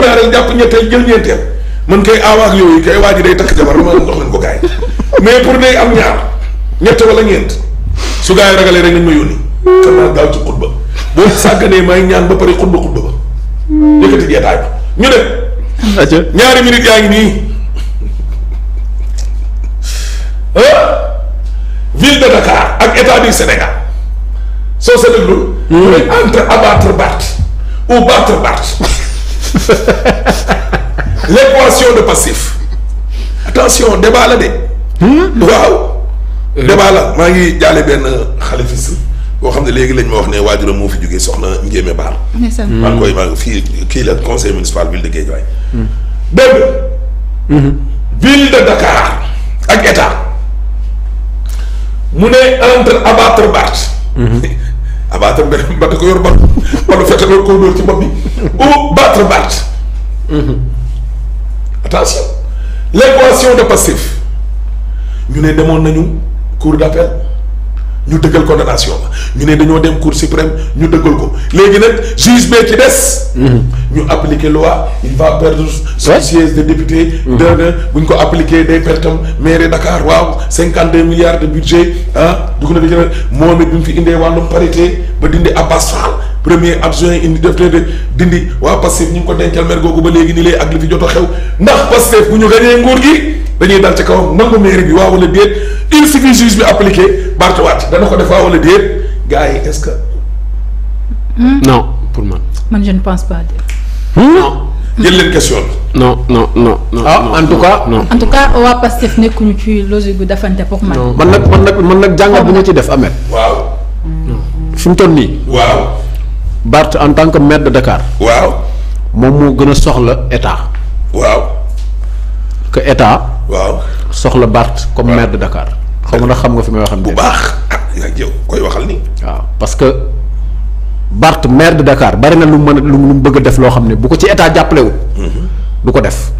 ñaareel jàpp ñetteel jël ñeenteel man kay aawaak yooyu kay waa day takk jabar ma jox leen ko gaay mais pour day am ñaar ñett wala ñeent su gaay ragalee rek nañ ma yónni xam naa daaw ci xutba boo sàgganee may ñaan ba pare xutba xutba ba yëkkati jeetaay ba ñu dem ñaari minute yaa ngi nii ville de Dakar ak état du Sénégal soo sa déglu mu ne entre abattre Barth ou battre Barth l'équation de passif attention débat la de. Hmm? waaw. Euh. débat la maa ngi jaale benn xalifis boo xam ne léegi lañ ma wax ne waajuram moo fi jógee soxna Ndiémé Baar. maa ngi koy hmm. maa ngi fii kii la conseil municipal ville de Guédiawaye. Hmm. dégg Dakar ak état mu ne entre abattre Bart. abattre benn mbatt ko yor bal wala fete loolu koo dóor ci bopp l'équation mhm. de passif ñu ne demoon nañu cour d'appel ñu dëggal condamnation ba ñu ne dañoo dem cour suprême ñu dëggal ko léegi nag juge bee ci des. Mhm. ñu appliquer loi il va perdre son siège de député. Mhm. dana bu ñu ko appliquer day pertam maire Dakar waaw cinquante deux milliards de budget ah dugg na ko jënd moom it bi mu fi indee wàllum parité ba dindi Abbas Fall premier adjoint indi def de dindi waa Pastef ñu ngi ko dencal maire googu ba léegi nii lay ak li ndax Pastef bu ñu gañee nguur gi dañuy dal ci kawam nangu maire bi waaw wala déet il suffit juge bi appliquer. Barth wàcc dana ko def waaw wala déet gars yi est-ce que. Hmm? non pour man. man je hmm? leen question no non non non non. ah en tout cas. non en tout nekkuñu ci logique bi dafante pour man. man nag man nag man jàngat bu ma ci def Ameth. waaw. fi mu toll nii. waaw. Barth en tant que maire de Dakar. waaw moom moo gën a soxla état. waaw. que état. waaw soxla Barth comme maire de Dakar. xaw ma ndax xam nga fi may waxal. bu baax ah, koy waxal ni waaw parce que Barth maire de Dakar bari na lu mën a lu mu bëgg a def loo xam ne bu ko ci état jàppalewul mm-hmm. du ko def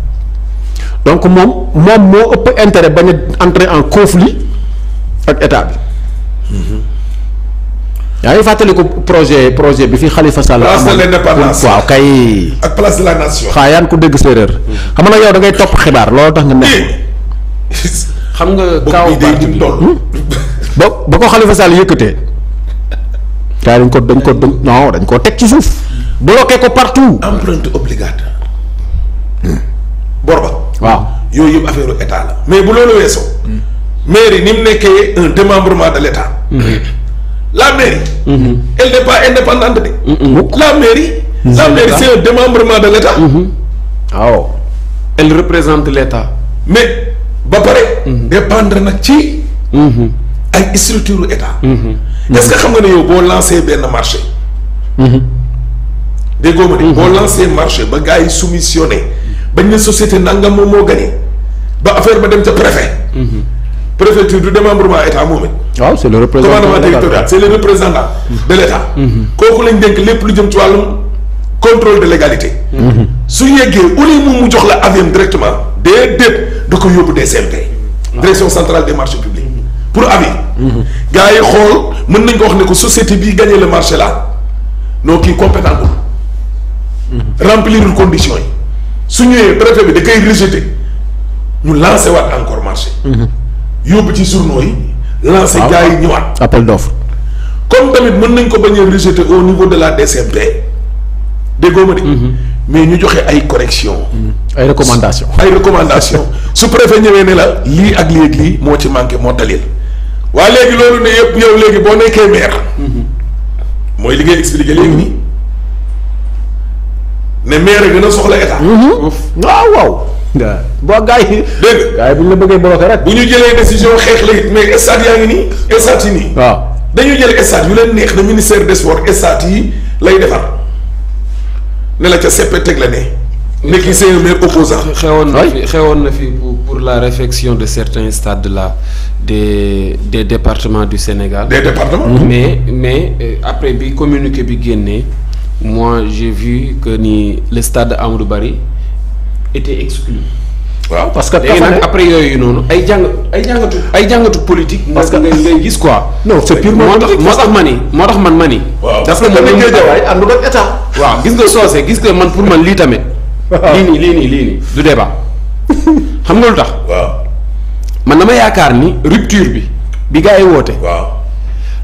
donc moom moom moo ëpp intérêt bañ a entrer en conflit ak état bi. Mm-hmm. yaa ngi fàttali ko projet projet bi fi Khalifa Sall. place de l'indépendance waaw kay. ak place la nation. xaayaan ku dégg séeréer. Mm-hmm. xam nga yow da ngay topp xibaar loolu tax nga nekk. Eh. xam nga kaaw parti hmm? ba ba ko Khalifa Sall yëkkatee. gars dañ ko dañ ko dañ non dañ koo teg ci suuf. bloqué ko partout. empreinte obligate. Hmm. Borba. waaw yooyu yëpp affaire état la mais bu loolu weesoo. Hmm. mairie ni mu nekkee un démembrement de l' la mairie. indépendante de. la mairie. la mairie c' de l' état. waaw. elle représente l' mais. ba pare. Mhm. dépendre nag ci. Mhm. ay structure état. Mhm. est-ce que xam nga ne yow boo lancé benn marché. déggoo ma de. boo lancé marché ba gars yi soumissionné bañ ne société nangam moom moo gagné ba affaire ba dem ca préfet. préfecture du démembrement état moom it. waaw c'est le représentant commandement territorial de kooku lañ dénk lépp lu jëm ci wàllum contrôle de légalité. su yeggee au moom mu jox la aviam directement dépp da ko yóbbu DCMP. direction centrale des marchés publics. pour avis. gars yi xool mën nañ ko wax ne ko société bii gagné le marché là noo kii compétent ko remplirul conditions yi su ñëwee préfet bi da koy rejeté ñu lancé waat encore marché. yóbbu ci journaux yi. lancé ah. gars yi ñëwaat. appel d'offre. comme tamit mën nañ ko bañ a rejeté au niveau de la DCMP déggoo ma de. Mm-hmm. mais ñu joxe ay correction mm-hmm. ay recommandations ay recommandations su préfet ñëwee ne la lii ak lii ak lii moo ci manqué moo dalil waa léegi loolu ne yëpp yow léegi boo nekkee maire. mooy liggéey ngay expliqué léegi nii ne maire gën a soxla état. waaw mm-hmm. ah, waaw. waaw boo gars dégg gars yi bu ñu la bëggee bloqué rek. bu ñu jëlee décision xeex la mais stade yaa ngi nii stade yi nii. waaw dañuy jël stade yu leen neex na ministère des sports stade yi lay defar ne la ca seppe teg la ne. nekk c'est un maire opposant xewoon na fi pour la réfection de certains stades la de des départements du Sénégal. des départements. Mhm. mais mais euh, après bi communiqué bi génnee moi j'ai vu que ni le stade Amadou Barry était exclu. waaw parce que léegi nag après yooyu noonu ay jàng ay jàngatu ay jàngatu politique. parce que ngay gis quoi. non c'est purement moo tax moo tax ma ni moo tax man ma ni. waaw parce que dañu gis nga soose gis nga man pour man lii tamit. lii nii lii nii lii nii du débat xam nga lu tax. man na ma yaakaar ni rupture bi bi gars yi woote. waaw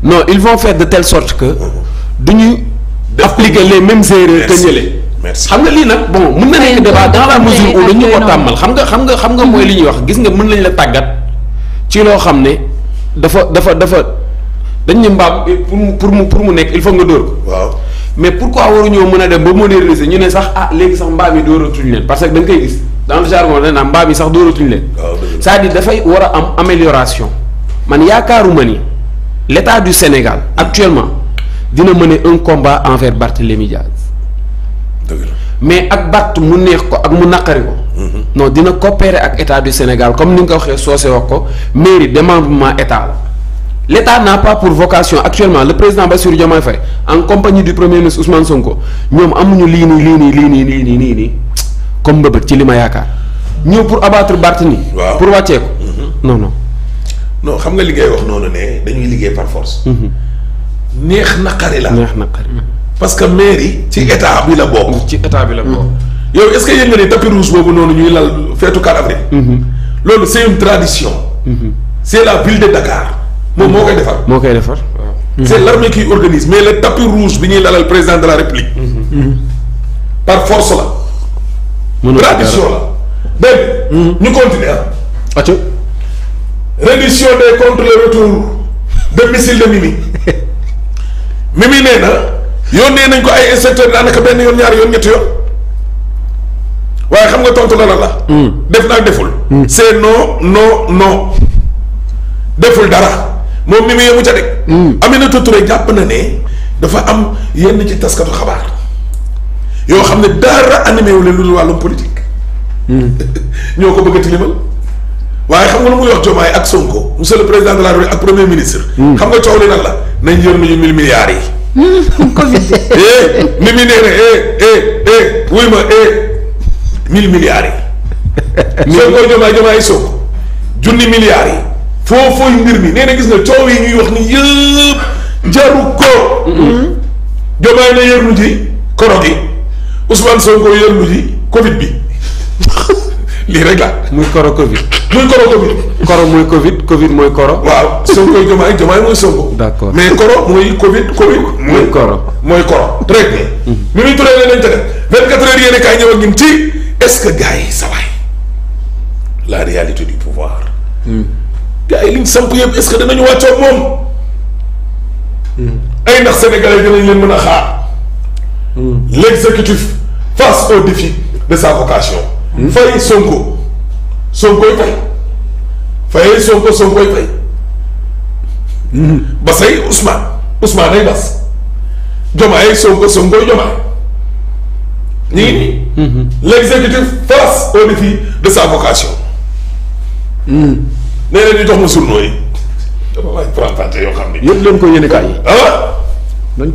non ils vont de telle sorte que mm-hmm. duñu appliquer les mêmes erreurs que ñële. merci xam nga lii nag bon mën na nekk débat dans la mesure où dañu ko tàmmal xam nga xam nga xam nga mooy li ñuy wax gis nga mën nañ la tàggat ci loo xam ne dafa dafa dafa dañ ne mbaam pour mu pour mu pour mu nekk il faut nga dóor ko. waaw mais pourquoi waruñoo mën a dem ba moderniser ñu ne sax ah léegi sax mbaam yi dóoratuñu leen parce que da nga koy gis dans le jargon dañ naan mbaam yi sax dóoratuñu leen. Ah, cest à dafay war a am amélioration man yaakaaruma ni l'état du Sénégal actuellement dina mener un combat envers Barthélémy Diaz. mais ak batt mu neex ko ak mu naqari ko. Mhm. non dina coopérer ak état du Sénégal comme ni nga ko waxee soose wax ko mairie démembrement état la. l'état n'a pas pour vocation actuellement le président Bassirou Diomaye Faye en compagnie du premier ministre Ousmane Sonko ñoom amuñu lii nii lii nii lii nii lii nii nii nii comme mbëbët ci li ma yaakaar ñëw pour abattre Barthélemy waaw pour wàccee ko mhm. non non non xam nga li ngay wax noonu ne dañuy liggéey par force mhm. neex naqari la neex naqari parce que mairie ci mhm. état bi la bokk ci état bi la bokk yow est-ce que yëg nga ne tapis rouge boobu noonu ñuy lal feetu 4 avril loolu c'est une tradition c'est la ville de Dakar moom moo koy defar. moo koy defar waaw. c' est l' armée qui organise mais le tapis rouge bi ñuy lalal président de la république. par force la. mënul tradition la. dégg hmm. ñu continuer ah. ati. reddition des comptes le retour de missile de Mimi. Mimi nee na yónnee nañ ko ay inspecteurs daanaka benn yoon ñaari yoon ñetti yoon waaye xam nga tontu la lan la. Hmm. def naa deful. Hmm. c' est non non non deful dara. moom mi mu yemu ca de. Hmm. Aminata Touré jàpp na ne dafa am yenn ci taskatu xabaar yoo xam ne dara animé wu leen lu dul wàllum politique. Hmm. ñoo ko bëgg a tilimal waaye xam nga lu muy wax Diomaye ak Sonko monsieur le président de la ak premier ministre. Hmm. xam nga coow li nan la nañ jël nañu mille milliards yi. Covid eh ni muy nee na eh eh eh ma eh mille milliards yi. Sonko junni milliards yi. foofu mbir mi nee na gis nga coow yi ñuy wax ni yëpp jaru ko. Diomaye mm-hmm. na yërnu ji koro gi Ousmane Sonko yërnu ji Covid bi lii rek la. muy koro Covid. muy koro Covid. koro mooy Covid Covid mooy koro. waaw Sonko Diomaye Diomaye mooy Sonko. d'accord mais koro mooy Covid Covid. mooy koro mooy koro. muy turee leen internet 24 heures yéen a ñëw ak ñun ci est-ce que gars yi la réalité du pouvoir. Mm. gars yi liñ samp yëpp est-ce que danañu wàccoog moom. Hmm. ay ndax sénégalais dinañ leen mën a xaar. Hmm. l'exécutif face au défi de sa vocation. Hmm. fay Sonko Sonkoy fay fayee Sonko Sonkoy fay. Basay Ousmane Ousmane ay Bas Jomaay Sonko Sonkoy Jomaay ñu nii. l'exécutif face au défi de sa vocation. nee na ñu jox ma journaux yi dama laaj présenté yoo xam ne. yëpp leen ko yéene kaay yi.